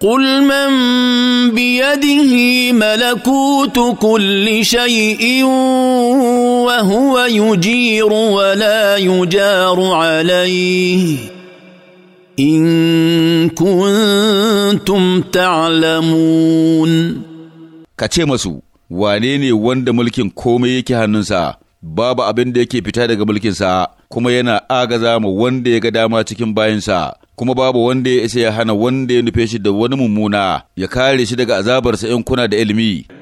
قل من بيده ملكوت كل شيء وهو يجير ولا يجار عليه ان كنتم تعلمون kace masu wane ne wanda mulkin komai yake hannunsa babu abin da yake fita daga mulkinsa kuma yana agaza ma wanda ya ga dama cikin bayinsa. kuma babu wanda ya isa ya hana wanda ya nufe shi da wani mummuna ya kare shi daga azabarsa in kuna da ilimi